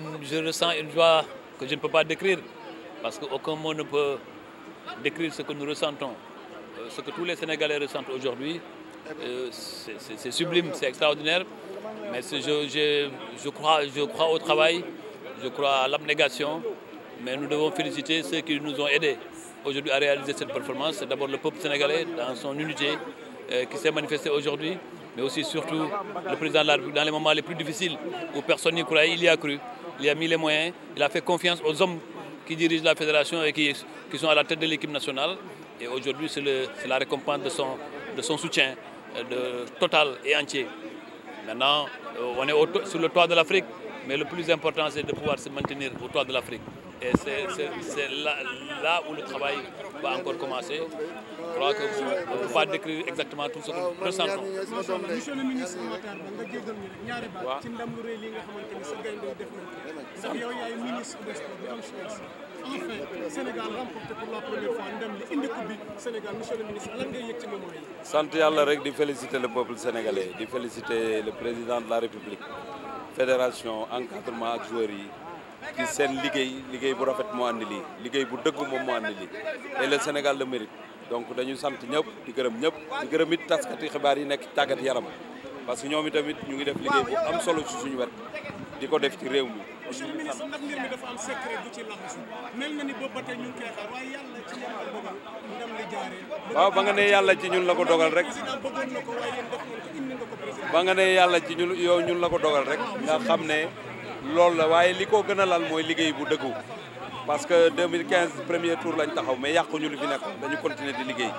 une, je ressens une joie que je ne peux pas décrire, parce qu'aucun mot ne peut décrire ce que nous ressentons. Euh, ce que tous les Sénégalais ressentent aujourd'hui, euh, c'est sublime, c'est extraordinaire. Mais je, je, je, crois, je crois au travail, je crois à l'abnégation, mais nous devons féliciter ceux qui nous ont aidés aujourd'hui à réaliser cette performance. C'est d'abord le peuple sénégalais dans son unité euh, qui s'est manifesté aujourd'hui, mais aussi surtout le président de la République dans les moments les plus difficiles où personne n'y croyait, il y a cru. il a mis les moyens, il a fait confiance aux hommes qui dirigent la fédération et qui, qui sont à la tête de l'équipe nationale. Et aujourd'hui, c'est la récompense de son, de son soutien euh, de, total et entier. Maintenant, euh, on est au, sur le toit de l'Afrique, mais le plus important, c'est de pouvoir se maintenir au toit de l'Afrique. Et c'est là, là, où le travail va encore commencer. Je crois que vous ne pouvez pas décrire exactement tout ce que nous ressentons. Monsieur le ministre, enfin Sénégal remporté pour la première fois ndam li indi coupe bi Sénégal monsieur le ministre lan ngay yëg ci moment yi. sant yàlla rek di féliciter le peuple sénégalais di féliciter le président de la république fédération encadrement ak joueurs yi. ci seen liggéey liggéey bu rafet moo andi lii liggéey bu dëgg moom mu andi lii et le Sénégal le mérite donc dañu sant ñëpp di gërëm ñëpp di gërëm it taskati xibaar yi nekk tàggat yaram parce que ñoom itamit ñu ngi def liggéey bu am solo ci suñu wet di ko def ci réew mi. monsieur le ministre ndax mbir mi dafa am mel na ni boobu ba ba nga ne yàlla ji ñun la ko dogal rek. ba nga ne yàlla ji ñun yow ñun la ko dogal rek nga xam ne. loolu la waaye li ko gën a lal mooy liggéey bu dëggu parce que 2015 premier tour lañ taxaw mais yàquñu li fi nekk dañu continuer di liggéey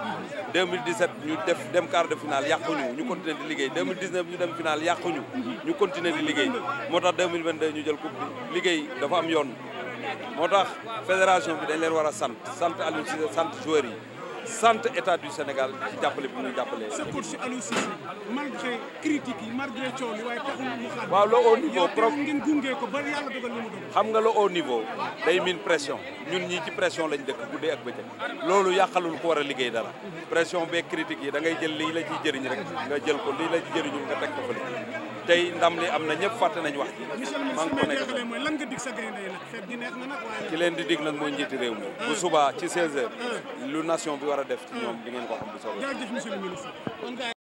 2017 ñu def dem quart de finale yàquñu ñu continuer di liggéey 2019 ñu dem finale yàquñu ñu continuer di liggéey moo tax 2022 ñu jël coupe bi liggéey dafa am yoon moo tax fédération bi dañ leen war a sant sant Aliou Cissé sant joueurs yi sant état du Sénégal ci jàppale bi muy jàppale. sa coach Aliou Cissé yi malgré coow yi waaye taxul mu xaar. waaw la au niveau prof ko ba xam nga la au niveau day miin pression ñun ñii ci pression lañ dëkk guddee ak bëccëg loolu yàqalul ko war a liggéey dara pression bee critiques yi da ngay jël lii la ciy jëriñ rek nga jël ko lii la ci jëriñul nga teg ko fa tey ndam li am na ñëpp fàtte nañ wax ji. maa ngi ko nekk lan nga dig sa leen di dig nag mooy njiiti réew mi bu subaa ci 16h euh. lu nation bi war a def ci ñoom di ngeen ko xam bu soobee.